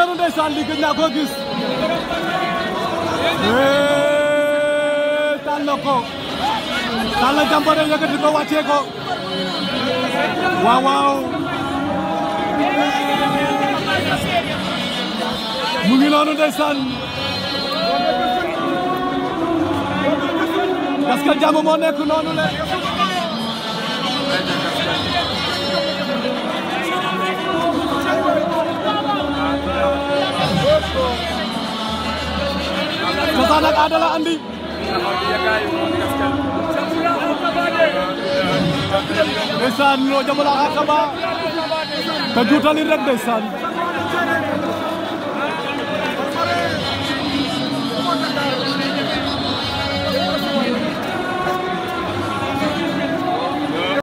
Modou ndeysaan li gëj naa ko gis eh, tànn na ko tànn na jàmbore yëkkati ko wàccee ko waaw mu ngi noonu ndeysaan parce que jàmm moo nekk noonu la Njaasaan ak Ada la andi ndeysaan loo jamono ak Kaba te juutali rek ndeysaan